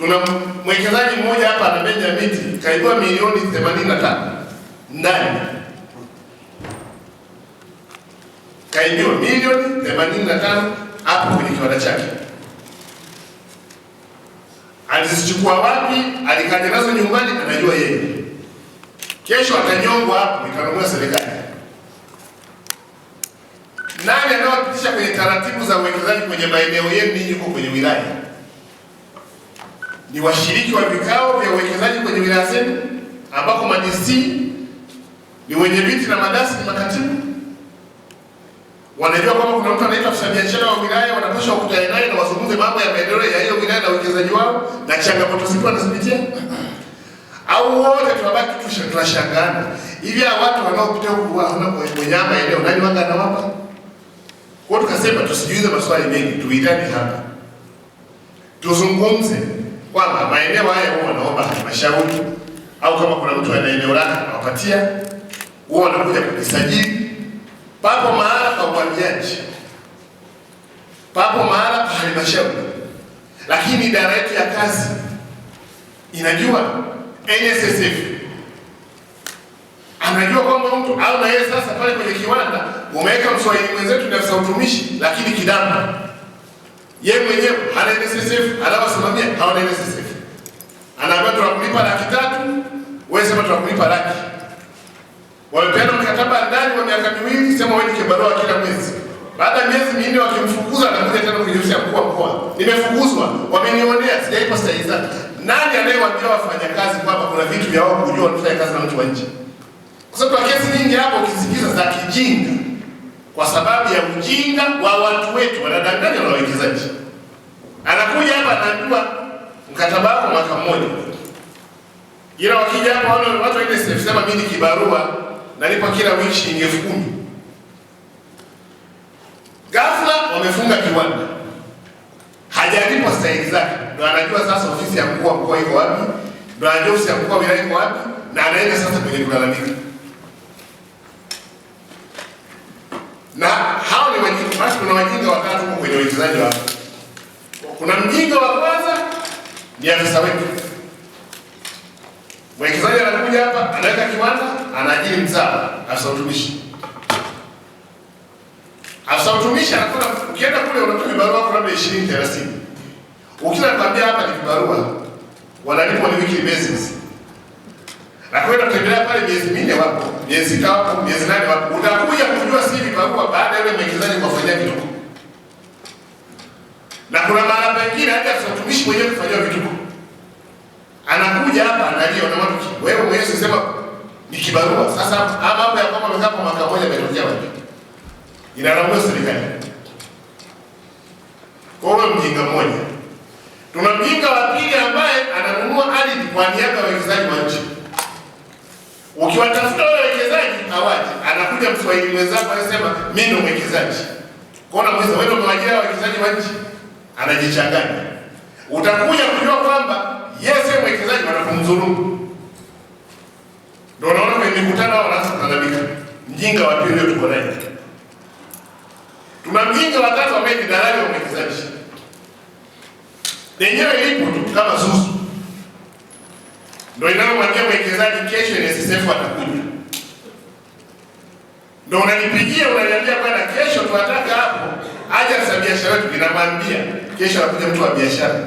Tuna mwekezaji mmoja hapa ana beja miti kaibua milioni 85 ndani, kaibiwa milioni 85 hapo kwenye kiwanda chake. Alizichukua wapi? Alikaja nazo nyumbani, anajua yeye. Kesho atanyongwa hapo, itanunua serikali. Nani anawapitisha kwenye taratibu za uwekezaji kwenye maeneo yenu? Yuko kwenye wilaya ni washiriki wa vikao vya uwekezaji kwenye wilaya zenu, ambako ma ni wenye viti na madasi ni makatibu. Wanajua kwamba kuna mtu anaitwa afisa biashara wa wilaya, wanapaswa kukutana naye na wazungumze mambo ya maendeleo ya hiyo wilaya na uwekezaji wao na changamoto zikiwa wanazipitia au wote tunabaki tusha tunashangana hivi, hawa watu wanaopita huku wana mwenye eneo nani wanga wapa kwao. Tukasema tusijiulize maswali mengi, tuitane hapa tuzungumze kwamba maeneo haya huwa wanaomba halmashauri au kama kuna mtu ana eneo lake anawapatia, huwa wanakuja kujisajili. Papo mahala pa uhamiaji, papo mahala pa halmashauri, lakini idara yetu ya kazi inajua NSSF anajua kwamba mtu au na yeye sasa pale kwenye kiwanda umeweka mswahili mwenzetu ni afisa utumishi, lakini kidamba yeye mwenyewe hana NSSF, anawasimamia hawana NSSF. Anaambia tunakulipa laki tatu, wewe sema tunakulipa laki. Wamepeana mkataba ndani wa miaka miwili, sema wewe ni barua kila mwezi. Baada ya miezi minne wakimfukuza anakuja tena kujiusia mkuu wa mkoa. Nimefukuzwa, wamenionea, sijaipa stahili zake. Nani anayewaambia wafanyakazi kwamba kuna vitu vya wao kujua wanafanya kazi na mtu wa nje? Kwa sababu kesi nyingi hapo ukisikiza za kijinga kwa sababu ya ujinga wa watu wetu, wanadanganya na wawekezaji. Anakuja hapa anajua mkataba wako mwaka mmoja, ila wakija hapa wale watu wengine sema mimi kibarua nalipa kila wiki shilingi elfu kumi. Ghafla wamefunga kiwanda, hajalipwa stahili zake, ndo anajua sasa ofisi ya mkuu wa mkoa iko wapi, ndo anajua ofisi ya mkuu wa wilaya iko wapi, na anaenda sasa kwenye kulalamika. na hao ni wajinga. Basi kuna wajinga watatu huko kwenye wachezaji wao. Kuna mjinga wa kwanza ni afisa wetu, mwekezaji anakuja hapa, anaweka kiwanda, anaajiri mzawa, afisa utumishi. Afisa utumishi anakula, ukienda kule unatoa kibarua kwa labda ishirini 30, ukila kwambia hapa ni kibarua, wanalipwa ni weekly basis na kwenda kutembelea pale miezi minne wapo miezi sita wapo miezi nane wapo, utakuja kujua si vibarua baada ya yule mwekezaji kuwafanyia vituko. Na kuna mara pengine hata mtumishi mwenyewe kufanyiwa vituko, anakuja hapa analia, na watu wewe mwenyewe sema ni kibarua. Sasa hapa mambo ya kwamba mmekaa kwa mwaka mmoja ametokea wapi? Inalaumiwa serikali. Kwa hiyo mjinga mmoja, tuna mjinga wa pili ambaye ananunua ardhi kwa niaba ya wawekezaji wa nchi Ukiwatafuta wale wawekezaji hawaji, anakuja mswahili mwenzako anasema mimi ndo mwekezaji, kona mweza wewe ndio mwajiri wawekezaji wa nchi, anajichanganya. Utakuja kujua kwamba yeye sio mwekezaji, wanakumdhulumu. Ndio naona kwenye mikutano wao wanaanza kulalamika, mjinga wa pili tuko naye, tuna mjinga wa tatu ambaye ni dalali wa mwekezaji, lenyewe ipo tu kama zuzu ndio inayomwambia mwekezaji kesho NSSF atakuja, ndio unanipigia unaniambia, bwana, kesho tunataka hapo aje za biashara yetu. Ninamwambia kesho anakuja mtu wa biashara,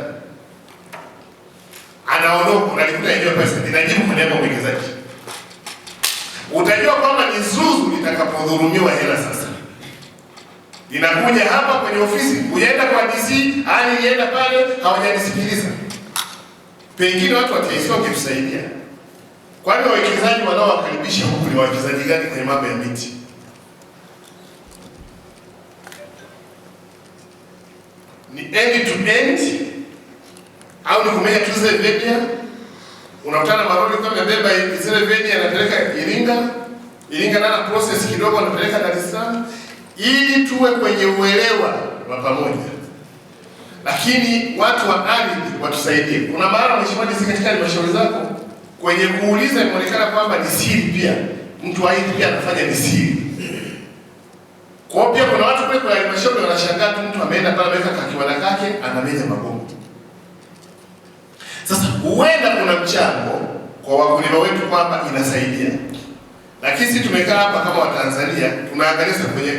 anaondoka, unalikuta hiyo pesa inajibu kwa mwekezaji. Utajua kwamba ni zuzu nitakapodhulumiwa hela sasa inakuja hapa kwenye ofisi, unaenda kwa DC, hali nienda pale, hawajanisikiliza pengine watu wataisiwa wakimsaidia. Kwani wawekezaji wanaowakaribisha huku ni wawekezaji gani kwenye mambo ya miti? Ni end to end au ni kumenya tu zile venia? Unakutana maroli kama yamebeba zile venia, anapeleka Iringa, Iringa nana process kidogo, anapeleka Dar es Salaam, ili tuwe kwenye uelewa wa pamoja lakini watu wa ardhi watusaidie. Kuna mara mheshimiwa DC katika halmashauri zako kwenye kuuliza imeonekana kwamba ni siri, pia mtu aidi pia anafanya ni siri. Kwa hiyo pia kuna watu kule kwa halmashauri wanashangaa tu, mtu ameenda pale ameweka kakiwanda kake anamenya mabomu. Sasa huenda kuna mchango kwa wakulima wetu kwamba inasaidia, lakini sisi tumekaa hapa kama Watanzania tunaangalia kwenye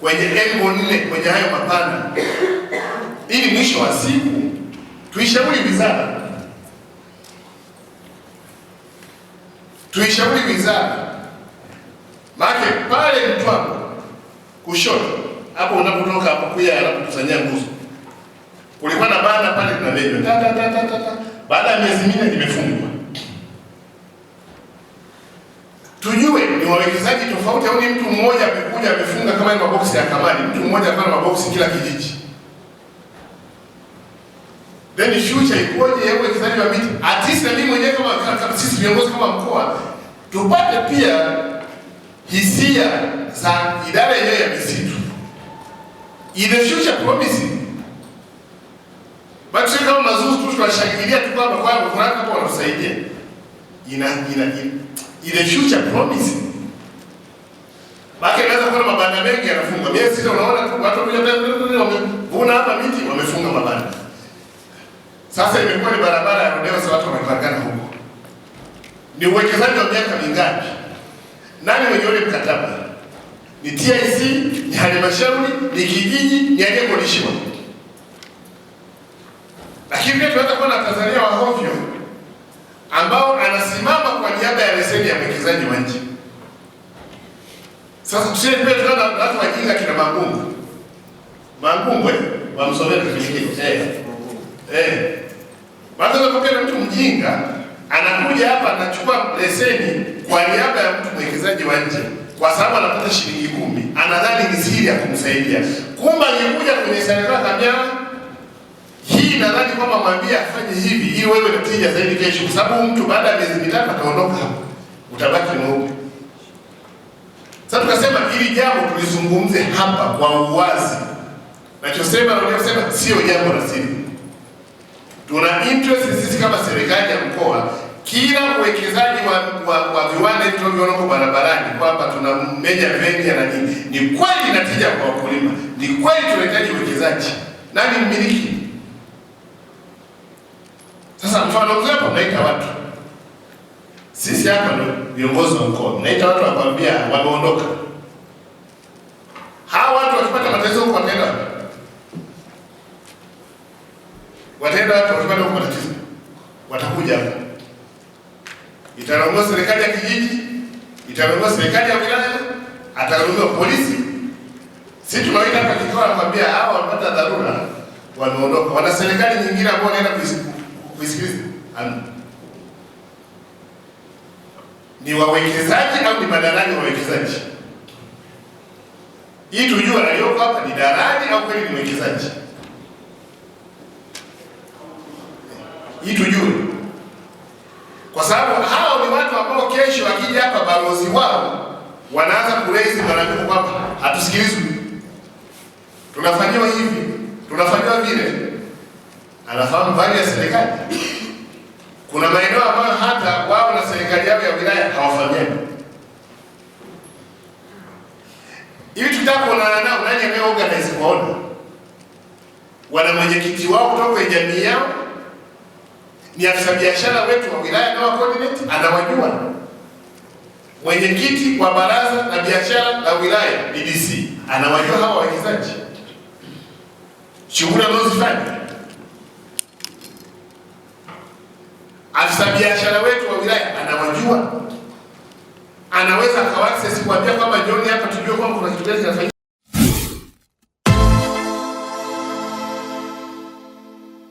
kwenye engo nne kwenye hayo mapana ili mwisho wa siku tuishauri wizara tuishauri wizara, maana pale Mtwapa kushoto hapo unapotoka hapo kuya anakusanyia nguzo, kulikuwa na banda pale tunalenywa ta ta ta ta ta, baada ya miezi minne imefungwa Tujue ni wawekezaji tofauti au ni mtu mmoja amekuja amefunga kama ni maboksi ya kamani mtu mmoja afanya maboksi kila kijiji then future ikoje ya uwekezaji wa miti, at na mimi mwenyewe kama kama sisi viongozi kama mkoa tupate pia hisia za idara yenyewe ya misitu, ile future promise. Basi kama mazuri tu tunashangilia tu kwamba kwa sababu kuna kwa wanatusaidia, ina ina ile future promise. Baki naweza kuona mabanda mengi yanafungwa miezi sita, unaona watu wamevuna hapa miti, wamefunga mabanda sasa imekuwa ni barabara ya rodeo, sasa watu wamepangana huko. Ni uwekezaji wa miaka mingapi? Nani mwenye ule mkataba? Ni TIC, ni halmashauri, ni kijiji, ni aliyekodishiwa. Lakini pia tunaweza kuwa na Tanzania wa hovyo ambao anasimama kwa niaba ya leseni ya mwekezaji wa nje. Sasa tusie pia tunaona watu wajinga kina Mangungu. Mangungu, eh, wamsomee kipindi. Eh. Eh. Watu wanapokea mtu mjinga anakuja hapa anachukua leseni kwa niaba ya mtu mwekezaji wa nje, kwa sababu anapata shilingi kumi, anadhani ni siri ya kumsaidia, kumbe alikuja kwenye serikali kabia hii. Nadhani kwamba mwambie afanye hivi ili wewe na zaidi kesho, kwa sababu mtu baada ya miezi mitatu ataondoka hapo, utabaki mweupe. Sasa tukasema hili jambo tulizungumze hapa kwa uwazi, nachosema, nachosema sio jambo la siri tuna interest sisi kama serikali ya mkoa kila uwekezaji wa, wa, wa viwanda hivi tunavyoona barabarani kwamba tuna meja venja na nini, ni kweli inatija kwa wakulima, ni kweli tunahitaji uwekezaji. Nani mmiliki? Sasa mfano mzepo mnaita watu sisi hapa ndio viongozi wa mkoa, mnaita watu wakwambia wameondoka wataenda watu kumi na tisa watakuja hapa, italaumiwa serikali ya kijiji, italaumiwa serikali ya wilaya, atalaumiwa polisi. Si tunawaita hapa kikao, nakwambia hao ah, walipata dharura, wameondoka, wana serikali nyingine ambao wanaenda kuisikiliza. Ni wawekezaji au ni madalali wawekezaji? Hii tujua aliyoko hapa ni dalali au kweli ni mwekezaji? hii tujue, kwa sababu hao ni watu ambao kesho wakija hapa balozi wao wanaanza kurezi malalamiko kwamba hatusikilizwi, tunafanyiwa hivi, tunafanyiwa vile. Anafahamu bali ya serikali kuna maeneo ambayo hata wao na serikali yao ya wilaya hawafahamiani. Hivi tutakuonana nao nani anayeorganize kuona wana mwenyekiti wao kutoka jamii yao ni afisa biashara wetu wa wilaya Kawa coordinate anawajua, mwenyekiti wa baraza la biashara la wilaya BDC anawajua hawa wawekezaji, shughuli anazozifanya. Afisa biashara wetu wa wilaya anawajua, anaweza akawaccess kuambia kwamba jioni hapa tujue kwamba kuna kitu gani kinafanyika.